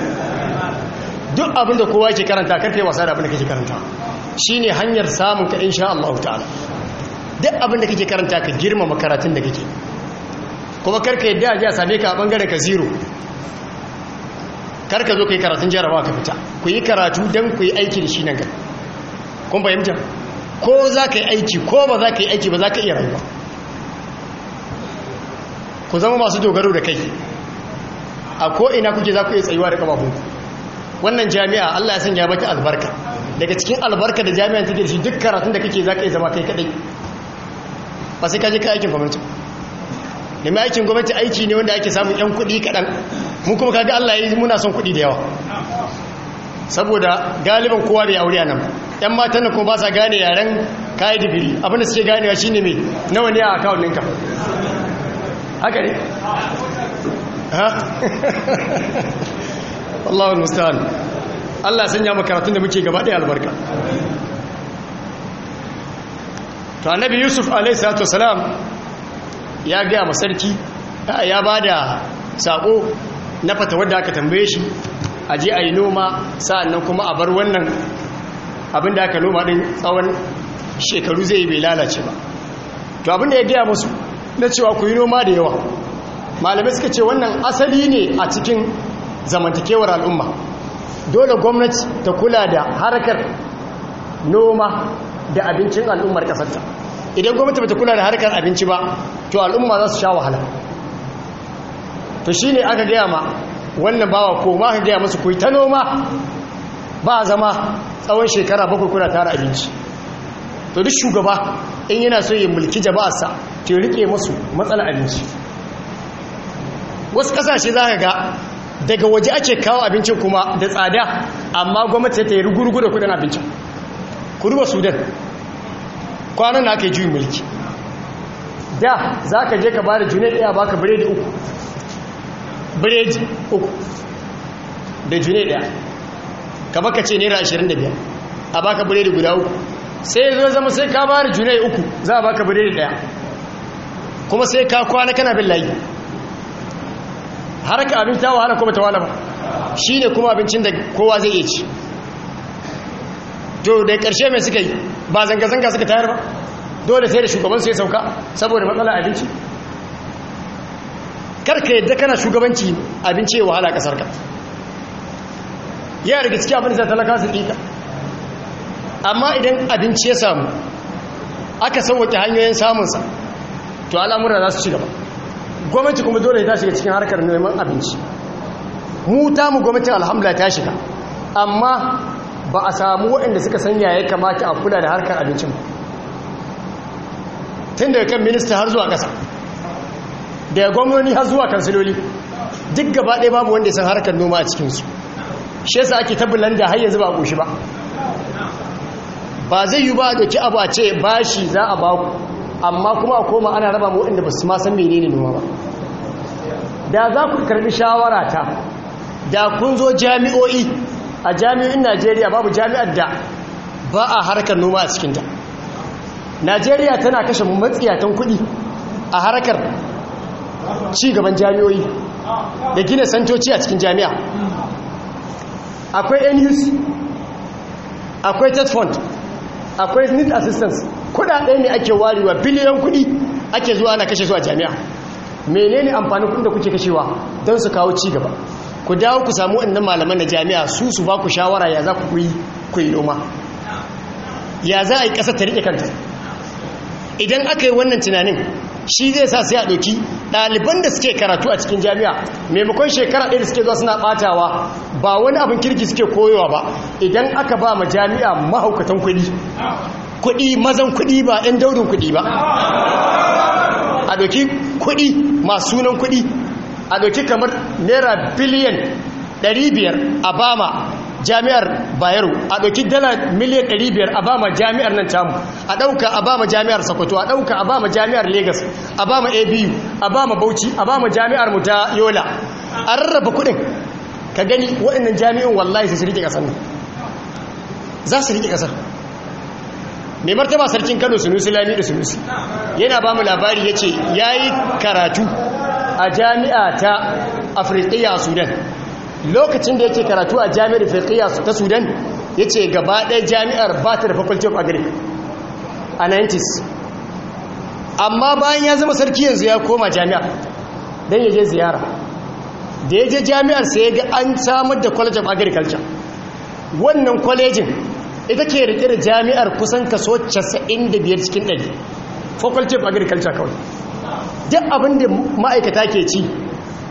duk abin da kowa yake karanta karfe wasa da abin da kake karanta shine hanyar samun ka insha Allah ta'ala duk abin da kake karanta ka girmama karatun da kake kuma karka yadda a jiya a same ka a bangaren ka zero karka zo ka yi karatun jarawa ka fita ku yi karatu don ku yi aiki da shi nan ga kun fahimta ko za ka yi aiki ko ba za ka yi aiki ba za ka iya rayuwa ku zama masu dogaro da kai a ko'ina kuke za ku yi tsayuwa da ƙafafunku wannan jami'a allah ya sanya baki albarka daga cikin albarka da jami'a ta da shi duk karatun da kake za ka iya zama kai kadai ba sai ka ka aikin gwamnati domin aikin gwamnati aiki ne wanda ake samun 'yan kuɗi kaɗan mu kuma kaga allah ya yi muna son kuɗi da yawa saboda galiban kowa da ya aure a nan ‘yan matan da kuma ba sa gane yaren kayi digiri abin da suke ganewa shi ne mai nawa ne a akawunin ka. haka ne ha (laughs) Allah sanya mu karatun da muke gaba ɗaya albarka to annabi Yusuf a.s. ya gaya ma sarki ya da saƙo na fata wadda aka tambaye shi a je a yi noma sa'annan kuma a bar wannan abin da aka noma ɗin tsawon shekaru zai bai lalace ba to abin da ya gaya musu na cewa ku yi noma da yawa malamai suka ce wannan asali ne a cikin zamantakewar al'umma dole gwamnati ta kula da harkar noma da abincin al'ummar kasarta idan gwamnati bata kula da harkar abinci ba to al'umma za su sha wahala to shi ne aka gaya ma wannan bawa ko ma aka gaya masu kuyi ta noma ba zama tsawon shekara bakwai kuna tara abinci to duk shugaba in yana so ya mulki sa to rike musu matsala abinci wasu kasashe za ka ga daga waje ake kawo abincin kuma da tsada amma gwamnati ta yi rugurugu da kudin abincin ku duba sudan kwanan na aka yi juyin mulki da za ka je ka ba da june ɗaya ba ka biredi uku biredi uku da june daya ka baka ce naira 25 a baka biredi guda uku sai zo zama sai ka bani junai uku za a baka biredi daya kuma sai ka kwana kana bin layi har ka abin ta wahala kuma ta wahala ba shi ne kuma abincin da kowa zai iya ci to da karshe mai suka yi ba zanga-zanga suka tayar ba dole sai da su ya sauka saboda matsala abinci karka yadda kana shugabanci abinci ya wahala kasar ka Ya rikici abin da talaka su ƙiƙa amma idan abinci ya samu aka sauwake hanyoyin samunsa to al'amura za su ci gaba gwamnati kuma dole ta shiga cikin harkar neman abinci mu ta mu gwamnatin alhamdulillah ta shiga amma ba a samu waɗanda suka sanya ya kamata a kula da harkar abincin tun daga kan minista har zuwa ƙasa daga gwamnoni har zuwa kansiloli duk gaba ɗaya babu wanda ya san harkar noma a cikinsu shi yasa ake tabbalan da har yanzu ba a ƙoshi ba ba zai yi ba a doki abu a ce bashi za a baku amma kuma a koma ana raba mu inda ba su ma san ne noma ba da za ku karbi shawara ta da kun zo jami'o'i a jami'in najeriya babu jami'ar da ba a harkar noma a cikinta najeriya tana kashe matsiyatan kuɗi a harkar ci gaban jami'o'i da gina santoci a cikin jami'a akwai nus akwai tet akwai need assistance kudade ne ake warewa biliyan kudi ake zuwa ana kashe su a jami'a menene amfanin kudin da kuke kashewa don su kawo ci gaba ku dawo ku samu wannan malaman na jami'a su su ba ku shawara ya za ku yi ku yi noma ya za a yi kasa ta riƙe kanta idan aka yi wannan tunanin shi zai sa sai a ɗauki ɗaliban da suke karatu a cikin jami'a maimakon shekara ɗaya da suke zuwa suna ɓatawa ba wani abin kirki suke koyowa ba idan aka ba ma jami'a mahaukatan kuɗi kuɗi mazan kuɗi ba ɗan daurin kuɗi ba a ɗauki kuɗi masu sunan kuɗi a ɗauki kamar naira biliyan ɗari biyar a bama jami'ar bayero a ɗauki dala miliyan 500 a ba ma jami'ar nan tamu a ɗauka a ba ma jami'ar sokoto a ɗauka a ba ma jami'ar lagos a ba ma abu a ba ma bauchi a ba ma jami'ar mu ta yola a rarraba kuɗin ka gani waɗannan jami'in wallahi su rike ƙasar ne, za su rike ƙasar mai martaba sarkin kano sunusi lami da sunusi yana ba mu labari ya ce ya yi karatu a jami'a ta afirkiya a sudan lokacin da yake karatu a jami'ar fiqhiyya ta Sudan yace gaba ɗaya jami'ar ba ta da faculty of agriculture a 90s amma bayan ya zama sarki yanzu ya koma jami'a dan yaje ziyara da yaje jami'ar sai ga an samar da college of agriculture wannan kwalejin ita ke rike da jami'ar kusan kaso 95 cikin 100 faculty of agriculture kawai duk abin da ma'aikata ke ci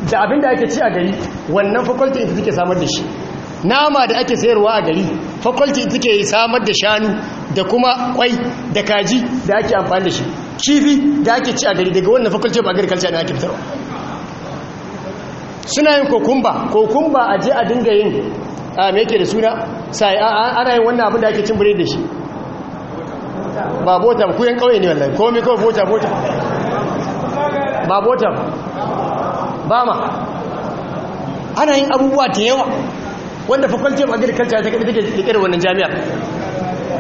da abinda ake ci a gari wannan faculty ita take samar da shi nama da ake sayarwa a gari faculty ita take samar da shanu da kuma kwai da kaji da ake amfani da shi kifi da ake ci a gari daga wannan faculty ba agriculture ne ake fitarwa suna yin kokumba kokumba a je a dinga yin a me yake da suna sai ana yin wannan abin da ake cin biredi da shi ba bota ku yan kauye ne wallahi komai kawai bota bota ba bota ba ana yin abubuwa ta yawa wanda faculty of agriculture ta kaɗi da irin wannan jami'a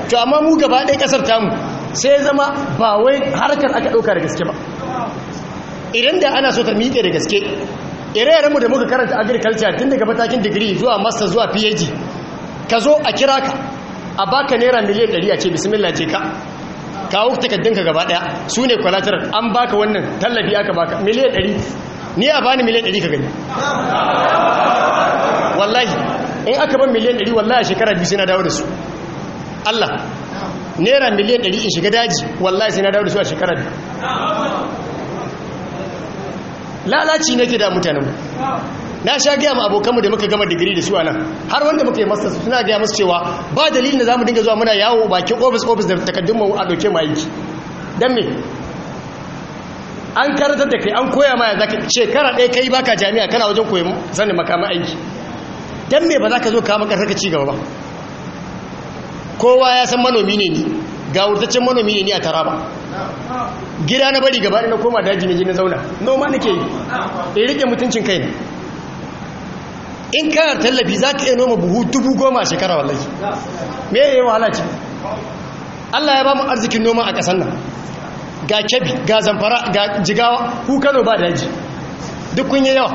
to amma mu gaba ɗaya ƙasar tamu sai zama ba wai harkar aka ɗauka da gaske ba idan da ana so ta miƙe da gaske ire-irenmu da muka karanta agriculture tun daga matakin digiri zuwa master zuwa phd ka zo a kira ka a baka naira miliyan 100 a ce bismillah ce ka kawo takaddunka gaba ɗaya su ne collateral an baka wannan tallafi aka baka miliyan ɗari. ni a bani miliyan 100 ka gani wallahi in aka ban miliyan 100 wallahi shekara biyu suna dawo da su Allah naira miliyan 100 in shiga daji wallahi suna dawo da su a shekara biyu lalaci nake da mutanen mu na sha gaya ma abokanmu da muka gama digiri da su a nan har wanda muka yi masters suna gaya musu cewa ba dalilin da za mu dinga zuwa muna yawo bakin ofis ofis da takaddun mu a ɗauke mu aiki don me an karatar da kai an koya ma ya zaka shekara ɗaya kai baka jami'a kana wajen koyon sanin makaman aiki Don me ba za ka zo kama ƙasar ka cigaba ba kowa ya san manomi ne ni ga wurtaccen manomi ne ni a taraba gida na bari gaba na koma daji na na zauna noma nake yi in rike mutuncin kai in kana tallafi za ka iya noma buhu dubu goma shekara wallahi me ya yi wahala ce Allah ya ba mu arzikin noma a ƙasar nan ga kebi ga zamfara ga jigawa ku kano ba daji duk kun yi yawa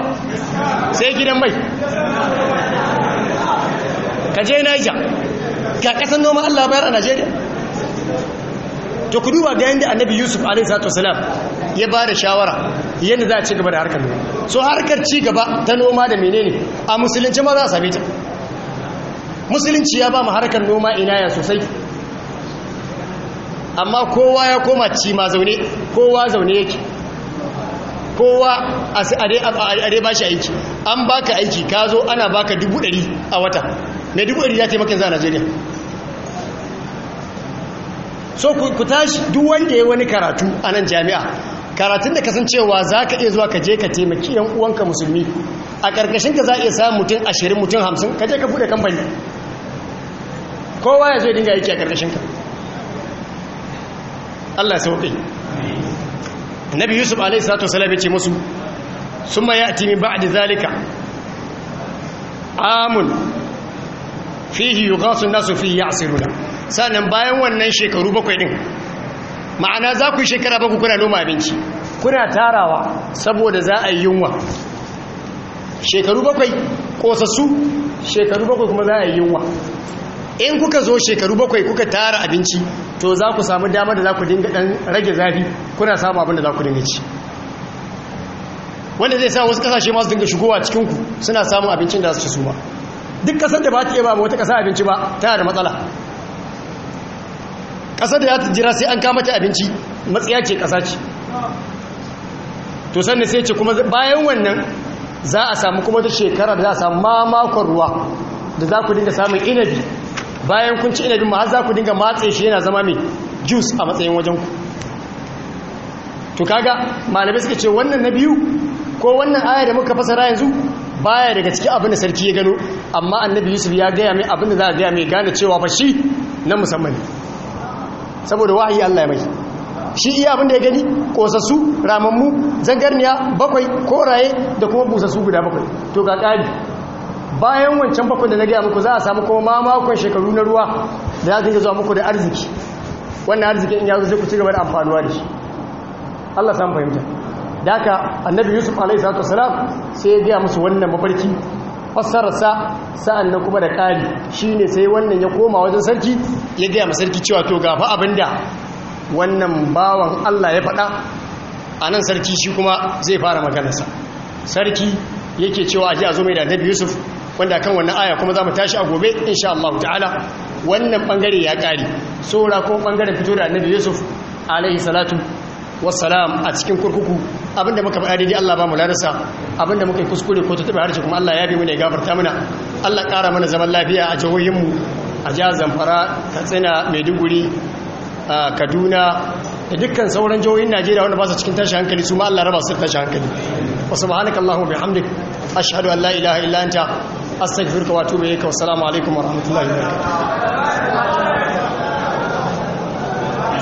sai gidan mai ka je naija ga kasan noma allah bayar a najeriya to ku duba ga yadda annabi yusuf a.s.w. ya ba da shawara yadda za a ci gaba da harkar noma so harkar ci gaba ta noma da menene a musulunci ma za a sami ta musulunci ya ba mu harkar noma ina ya sosai amma kowa ya koma ci ma zaune kowa zaune yake kowa a dai ba shi aiki an baka aiki ka zo ana baka dubu ɗari a wata mai dubu ɗari ya taimaka za a najeriya so ku tashi duwanda wanda ya wani karatu a nan jami'a karatun da kasancewa za ka iya zuwa ka je ka taimaki yan uwanka musulmi a ƙarƙashin ka za a iya samun mutum ashirin mutum hamsin ka je ka buɗe kamfani kowa ya zo ya dinga aiki a ƙarƙashin ka Allah sauƙi nabi yusuf alaihi salatu wasallam ya ce musu summa ya'ti min ba'di zalika amun fihi yughasu nasu fihi ya'siruna sannan bayan wannan shekaru bakwai din ma'ana za ku yi shekara bakwai kuna noma abinci kuna tarawa saboda za a yi yunwa shekaru bakwai kosassu shekaru bakwai kuma za a yi yunwa in kuka zo shekaru bakwai kuka tara abinci to za ku samu dama da za ku dinga dan rage zafi kuna samu abin da za ku dinga ci wanda zai sa wasu kasashe masu dinga shigowa cikin ku suna samun abincin da za su ci su ba duk kasar da ba ta iya ba wata kasa abinci ba tana da matsala kasar da ya ta jira sai an kama ta abinci matsiya ce kasa ce to sannan sai ce kuma bayan wannan za a samu kuma ta shekara da za a samu mamakon ruwa da za ku dinga samun inabi bayan kun ci inabin ma har za ku dinga matse shi yana zama mai juice a matsayin wajen ku to kaga malamai suka ce wannan na biyu ko wannan aya da muka fasara yanzu baya daga ciki abin da sarki ya gano amma annabi yusuf ya gaya mai abin da za a gaya mai gane cewa ba shi na musamman saboda wahayi allah ya mai shi iya abin da ya gani kosassu ramammu zangarniya bakwai koraye da kuma busassu guda bakwai to ga ƙari bayan wancan bakon da na gaya muku za a samu kuma makon shekaru na ruwa da ya yi zuwa muku da arziki wannan arzikin in ya zai ku ci gaba da amfanuwa da shi Allah samu fahimta da haka annabi yusuf alaihi salatu wasalam sai ya gaya musu wannan mafarki sa, sa'an nan kuma da ƙari shi sai wannan ya koma wajen sarki ya gaya sarki cewa to gafa abin da wannan bawan Allah ya faɗa a nan sarki shi kuma zai fara maganarsa sarki yake cewa a ji a zo mai da annabi yusuf wanda kan wannan aya kuma za mu tashi a gobe insha Allah ta'ala wannan bangare ya kare saura ko bangaren fito da annabi Yusuf alaihi salatu wassalam a cikin kurkuku abinda muka faɗa daidai Allah ba mu larasa abinda muka kuskure ko ta tutuba harshe kuma Allah ya bi mu ne gafarta mana Allah kara mana zaman lafiya a jihohin mu a jihar Zamfara Katsina Maiduguri Kaduna da dukkan sauran jihohin Najeriya wanda ba su cikin tashin hankali su ma Allah raba su tashin hankali wa subhanaka allahumma bihamdik ashhadu an la ilaha illa anta astaghfiruka wa atubu ilayka wa assalamu alaikum wa rahmatullahi wa barakatuh